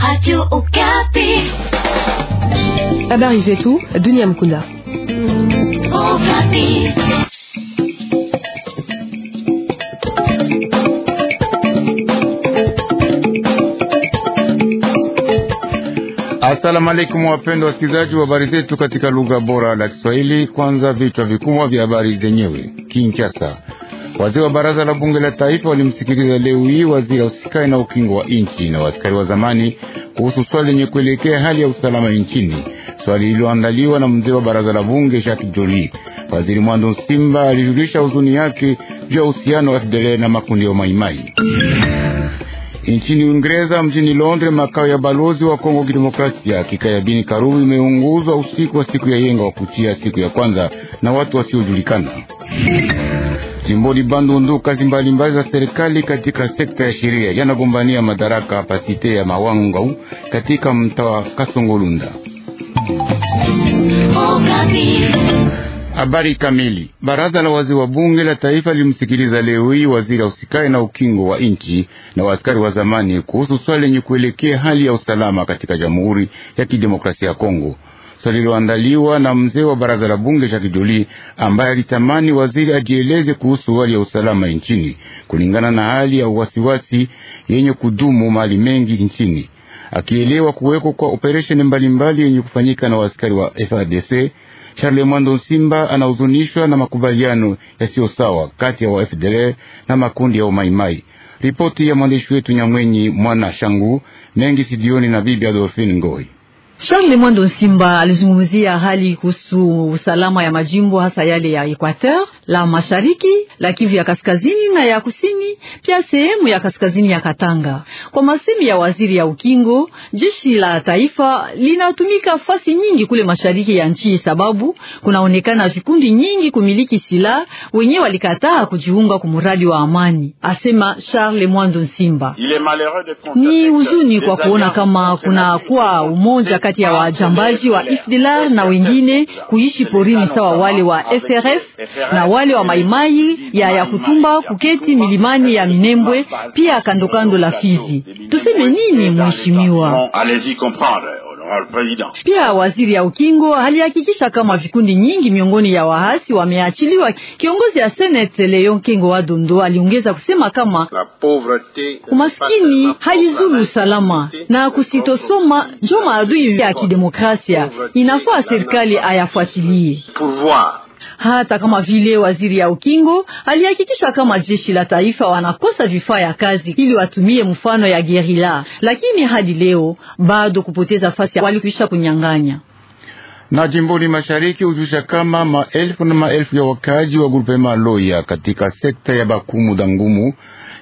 Radio Okapi. Habari ah zetu dunia mkunda. Okapi. Asalamu alaykum wapendwa wasikilizaji wa habari zetu katika lugha bora la Kiswahili. Kwanza vichwa vikubwa vya habari zenyewe. Kinshasa Wazee wa baraza la bunge la taifa walimsikiliza leo hii waziri usikae na ukingo wa nchi na wasikari wa zamani kuhusu swali lenye kuelekea hali ya usalama nchini, swali lililoandaliwa na mzee wa baraza la bunge Jacques Joli. Waziri Mwando Simba alijulisha huzuni yake juu ya uhusiano wa fdl na makundi ya Maimai. Nchini Uingereza, mjini Londres, makao ya balozi wa Kongo Kidemokrasia kikayabini Karubi imeunguzwa usiku wa siku ya yenga wa kuchia siku ya kwanza na watu wasiojulikana. Jimboni Bandundu, kazi mbalimbali za serikali katika sekta ya sheria yanagombania madaraka site ya mawangu katika mtaa Kasongolunda. Habari kamili. Baraza la wazee wa bunge la taifa lilimsikiliza leo hii waziri ausikae na ukingo wa nchi na waaskari wa zamani kuhusu swali lenye kuelekea hali ya usalama katika Jamhuri ya Kidemokrasia ya Kongo lililoandaliwa na mzee wa baraza la bunge Jacques Joly, ambaye alitamani waziri ajieleze kuhusu hali ya usalama nchini kulingana na hali ya uwasiwasi yenye kudumu mali mengi nchini, akielewa kuwekwa kwa operesheni mbalimbali yenye kufanyika na waaskari wa Charles mwando simba anahuzunishwa na makubaliano yasiyo sawa kati ya wa FDL na makundi ya Umaimai. Ripoti ya mwandishi wetu Nyamwenyi Mwana Shangu mengi sidioni na bibi Adolfine Ngoi. Charles Mwando Simba alizungumzia hali kuhusu usalama ya majimbo hasa yale ya Equateur, la Mashariki, la Kivu ya Kaskazini na ya Kusini, pia sehemu ya kaskazini ya Katanga. Kwa masemi ya waziri ya ukingo, jeshi la taifa linatumika fasi nyingi kule mashariki ya nchi, sababu kunaonekana vikundi nyingi kumiliki silaha wenye walikataa kujiunga kumuradi wa amani, asema Charles Mwando Simba. Ni huzuni kwa kuona kama kuna kunakuwa umoja kati ya wajambaji wa FDLR na wengine kuishi porini sawa wale wa SRF na wale wa maimai ya Yakutumba kutumba kuketi milimani ya Minembwe pia kandokando la Fizi. Tuseme nini mheshimiwa? Pia waziri ya ukingo alihakikisha kama vikundi nyingi miongoni ya waasi wameachiliwa. Kiongozi ya senete Leon Kengo wa Dondo aliongeza kusema kama umaskini haizuru usalama na kusitosoma njo maadui ya kidemokrasia, inafaa serikali ayafuatilie hata kama vile waziri ya ukingo alihakikisha kama jeshi la taifa wanakosa vifaa ya kazi ili watumie mfano ya gerila, lakini hadi leo bado kupoteza fasi walikwisha kunyang'anya na jimboni mashariki hujusha kama maelfu na maelfu ya wakaaji wa grupema Loya katika sekta ya Bakumu Dangumu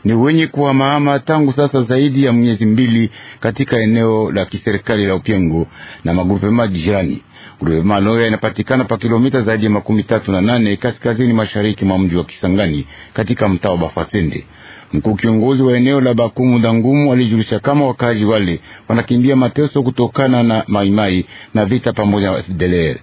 ni wenye kuhamahama tangu sasa zaidi ya miezi mbili katika eneo la kiserikali la Upyengo na magrupema jirani. Gruvema Loya inapatikana pa kilomita zaidi ya makumi tatu na nane kaskazini mashariki mwa mji wa Kisangani katika mtaa wa Bafasende. Mkuu kiongozi wa eneo la Bakumu Dangumu alijulisha kama wakazi wale wanakimbia mateso kutokana na maimai na vita pamoja na FDLR.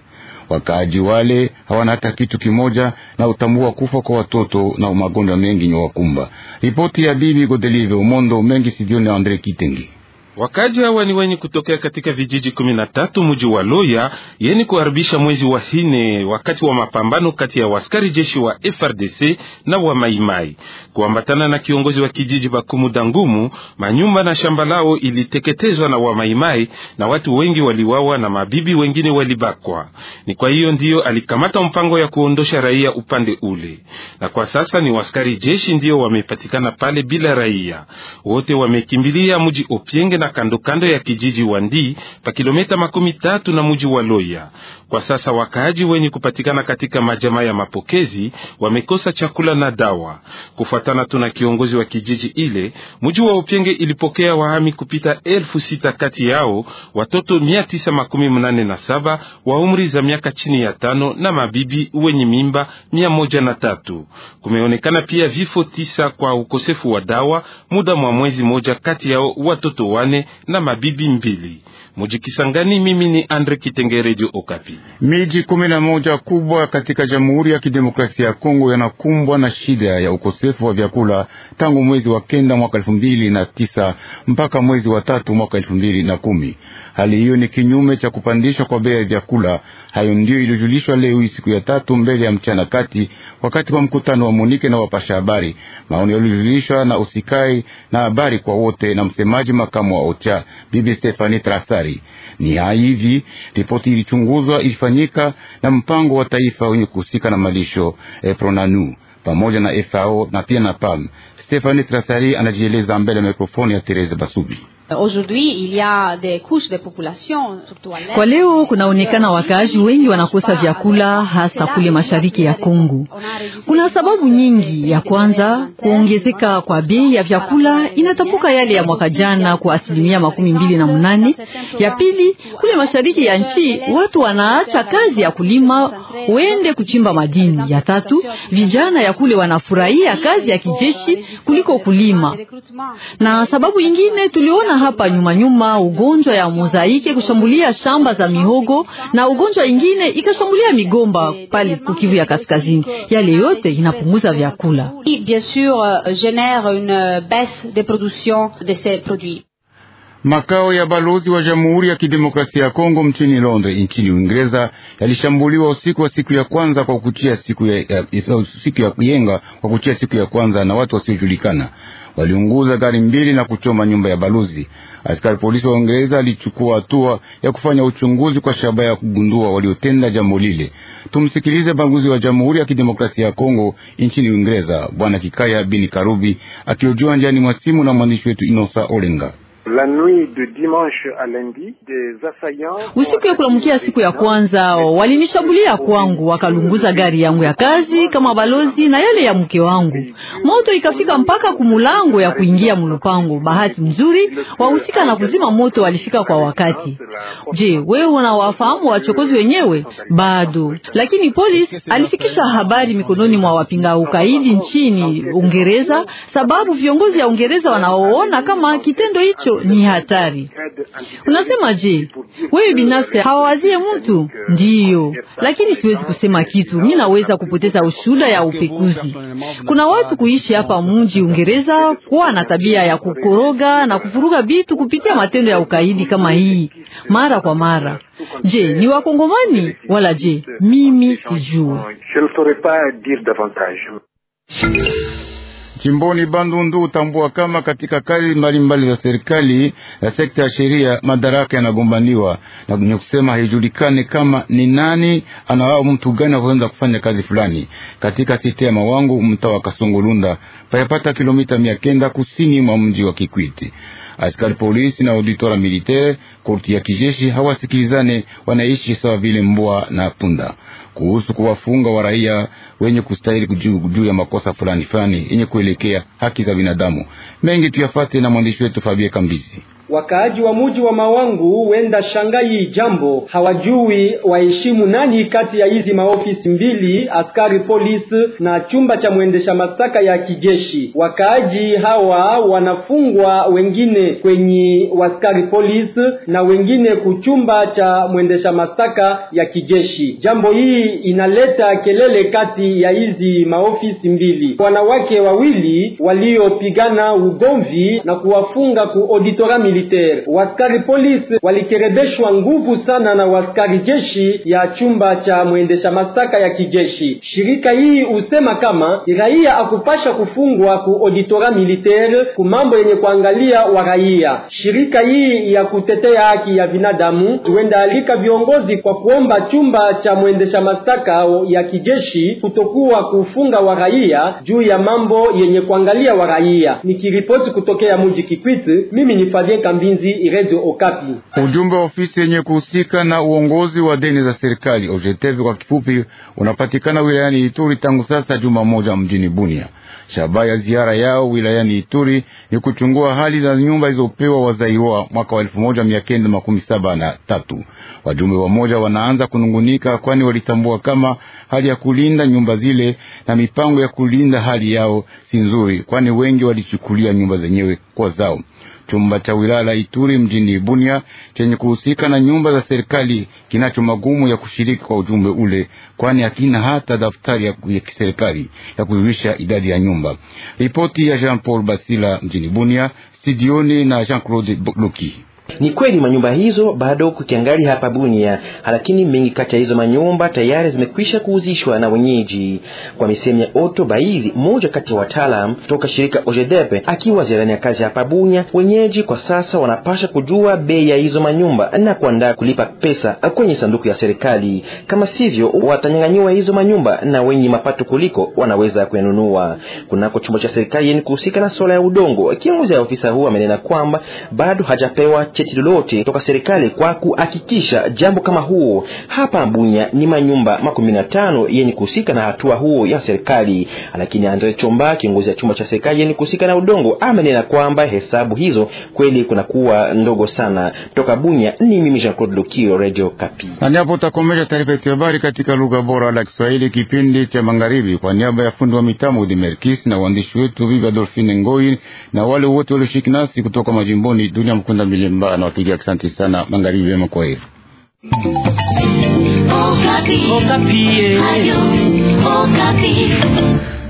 Wakaaji wale hawana hata kitu kimoja na utambua kufa kwa watoto na magonjwa mengi nyowakumba. Ripoti ya bibi Godelive Umondo mengi sidioni Andre Kitengi. Wakaji hawa ni wenye kutokea katika vijiji kumi na tatu mji wa Loya yeni kuharibisha mwezi wa hine wakati wa mapambano kati ya waskari jeshi wa FRDC na wa Maimai kuambatana na kiongozi wa kijiji bakumu Ngumu. Manyumba na shamba lao iliteketezwa na wamaimai na watu wengi waliwawa na mabibi wengine walibakwa. Ni kwa hiyo ndiyo alikamata mpango ya kuondosha raia upande ule, na kwa sasa ni waskari jeshi ndiyo wamepatikana pale bila raia wote wamekimbilia mji Opienge na na kandokando ya kijiji Wandi pa kilomita makumi tatu na muji wa Loya. Kwa sasa wakaaji wenye kupatikana katika majama ya mapokezi wamekosa chakula na dawa. Kufuatana tu na kiongozi wa kijiji ile, muji wa Opyenge ilipokea wahami kupita elfu sita kati yao watoto mia tisa makumi mnane na saba wa umri za miaka chini ya tano na mabibi wenye mimba mia moja na tatu. Kumeonekana pia vifo tisa kwa ukosefu wa dawa muda mwa mwezi moja, kati yao watoto wane na mabibi mbili. Mujikisangani, mimi ni Andre Kitenge, Radio Okapi. Miji kumi na moja kubwa katika Jamhuri ya Kidemokrasia ya Kongo yanakumbwa na shida ya ukosefu wa vyakula tangu mwezi wa kenda mwaka elfu mbili na tisa mpaka mwezi wa tatu mwaka elfu mbili na kumi. Hali hiyo ni kinyume cha kupandishwa kwa bei ya vyakula. Hayo ndiyo ilijulishwa leo hii siku ya tatu mbele ya mchana kati, wakati wa mkutano wa Munike na wapasha habari. Maoni yalijulishwa na usikai na habari kwa wote na msemaji makamu wa OCHA Bibi Stefani Trasari habari. Ni hai hivi ripoti ilichunguzwa ilifanyika na mpango wa taifa wenye kuhusika na malisho eh, Pronanu pamoja na FAO na pia na PAM. Stefani Trasari anajieleza mbele ya mikrofoni ya Therese Basubi. Euh, kwa leo kunaonekana wakaaji wengi wanakosa vyakula hasa kule mashariki ya Kongo. Kuna sababu nyingi. Ya kwanza, kuongezeka kwa bei ya vyakula inatapuka yale ya mwaka jana kwa asilimia makumi mbili na munane. Ya pili, kule mashariki ya nchi watu wanaacha kazi ya kulima wende kuchimba madini. Ya tatu, vijana ya kule wanafurahia kazi ya kijeshi kuliko kulima, na sababu ingine tuliona hapa nyuma nyuma ugonjwa ya mozaiki kushambulia shamba za mihogo na ugonjwa ingine ikashambulia migomba pale kukivu ya kaskazini. Yale yote inapunguza vyakula euh, euh, de Makao ya balozi wa Jamhuri ya Kidemokrasia ya Kongo mchini Londres nchini Uingereza yalishambuliwa usiku wa siku ya kwanza kwa kuchia siku ya, ya, siku ya yenga kwa kuchia siku ya kwanza na watu wasiojulikana waliunguza gari mbili na kuchoma nyumba ya balozi. Askari polisi wa Uingereza alichukua hatua ya kufanya uchunguzi kwa shabaha ya kugundua waliotenda jambo lile. Tumsikilize balozi wa Jamhuri ya Kidemokrasia ya Kongo nchini Uingereza, Bwana Kikaya Bini Karubi, akiojua njiani mwa simu na mwandishi wetu Inosa Olenga. La nuit de dimanche à lundi, des assaillants... Usiku ya kulamkia siku ya kwanza walinishambulia kwangu, wakalunguza gari yangu ya kazi kama balozi na yale ya mke wangu. Moto ikafika mpaka kumulango ya kuingia mlupango Bahati mzuri wahusika na kuzima moto walifika kwa wakati. Je, wewe unawafahamu wachokozi wenyewe? Bado, lakini polisi alifikisha habari mikononi mwa wapinga ukaidi nchini Ungereza, sababu viongozi ya Ungereza wanaoona kama kitendo hicho ni hatari. Unasema je, wewe binafsi hawawazie mtu? Ndiyo, lakini siwezi kusema kitu, mimi naweza kupoteza ushuda ya upekuzi. Kuna watu kuishi hapa mji Uingereza kuwa na tabia ya kukoroga na kufuruga vitu kupitia matendo ya ukaidi kama hii mara kwa mara. Je, ni Wakongomani wala je? Mimi sijui jimboni Bandundu utambua kama katika kazi mbalimbali za serikali ya sekta ya sheria madaraka yanagombaniwa na ni kusema haijulikane kama ni nani anawao mtu gani akuweza kufanya kazi fulani katika site ya Mawangu mtaa wa Kasongolunda payapata kilomita mia kenda kusini mwa mji wa Kikwiti. Askari polisi na auditora militaire korti ya kijeshi hawasikilizane, wanaishi sawa vile mbwa na punda kuhusu kuwafunga wa raia wenye kustahili juu ya makosa fulani fulani yenye kuelekea haki za binadamu. Mengi tuyafate na mwandishi wetu Fabie Kambizi. Wakaaji wa muji wa Mawangu wenda shangai jambo, hawajui waheshimu nani kati ya hizi maofisi mbili, askari polisi na chumba cha mwendesha mashtaka ya kijeshi. Wakaaji hawa wanafungwa wengine kwenye waskari polisi na wengine kuchumba cha mwendesha mashtaka ya kijeshi. Jambo hii inaleta kelele kati ya hizi maofisi mbili. Wanawake wawili waliopigana ugomvi na kuwafunga ku auditorium militaire. Waskari polisi walikerebeshwa nguvu sana na waskari jeshi ya chumba cha mwendesha mashtaka ya kijeshi. Shirika hii husema kama raia akupasha kufungwa ku auditora militaire ku mambo yenye kuangalia wa raia. Shirika hii ya kutetea haki ya binadamu huenda alika viongozi kwa kuomba chumba cha mwendesha mashtaka ya kijeshi kutokuwa kufunga wa raia juu ya mambo yenye kuangalia wa raia. Nikiripoti kutokea mji Kikwiti, mimi ni Fadien Kambinzi, Radio Okapi. Ujumbe wa ofisi yenye kuhusika na uongozi wa deni za serikali OJTEV kwa kifupi unapatikana wilayani Ituri tangu sasa juma moja mjini Bunia. Shabaha ya ziara yao wilayani Ituri ni kuchungua hali za nyumba zilizopewa wazaiwa mwaka wa elfu moja mia kenda makumi saba na tatu. Wajumbe wamoja wanaanza kunungunika, kwani walitambua kama hali ya kulinda nyumba zile na mipango ya kulinda hali yao si nzuri, kwani wengi walichukulia nyumba zenyewe kwa zao. Chumba cha wilaya la Ituri mjini Bunia chenye kuhusika na nyumba za serikali kinacho magumu ya kushiriki kwa ujumbe ule, kwani hakina hata daftari ya kiserikali ya kujulisha idadi ya nyumba. Ripoti ya Jean Paul Basila mjini Bunia, studioni na Jean Claude luki ni kweli manyumba hizo bado kukiangali hapa Bunia, lakini mengi kati ya hizo manyumba tayari zimekwisha kuuzishwa na wenyeji, kwa misemo ya Otto Baizi, mmoja kati ya wataalamu kutoka shirika Ojedepe akiwa ziarani ya kazi hapa Bunia. Wenyeji kwa sasa wanapasha kujua bei ya hizo manyumba na kuandaa kulipa pesa kwenye sanduku ya serikali, kama sivyo watanyang'anyiwa hizo manyumba na wenye mapato kuliko wanaweza kuyanunua. Kunako chumba cha serikali yenye kuhusika na swala ya udongo, kiongozi ya ofisa huu amenena kwamba bado hajapewa cheti lolote toka serikali kwa kuhakikisha jambo kama huo. Hapa Bunya ni manyumba makumi na tano yenye kuhusika na hatua huo ya serikali, lakini Andre Chomba, kiongozi ya chumba cha serikali yenye kuhusika na udongo, amenena kwamba hesabu hizo kweli kunakuwa ndogo sana. Toka Bunya ni mimi Jean Claude Lukio, Radio Kapi. Hapo utakomesha taarifa ya habari katika lugha bora la Kiswahili, kipindi cha magharibi, kwa niaba ya fundi wa mitambo Dimerkis na uandishi wetu Viva Dolphine Ngoi na wale wote walioshiriki nasi kutoka majimboni, Dunia Mkunda Milemba barabara anawapiga Asante sana, magharibi mema, kwa heri. Okapi. Oh, Okapi. Oh,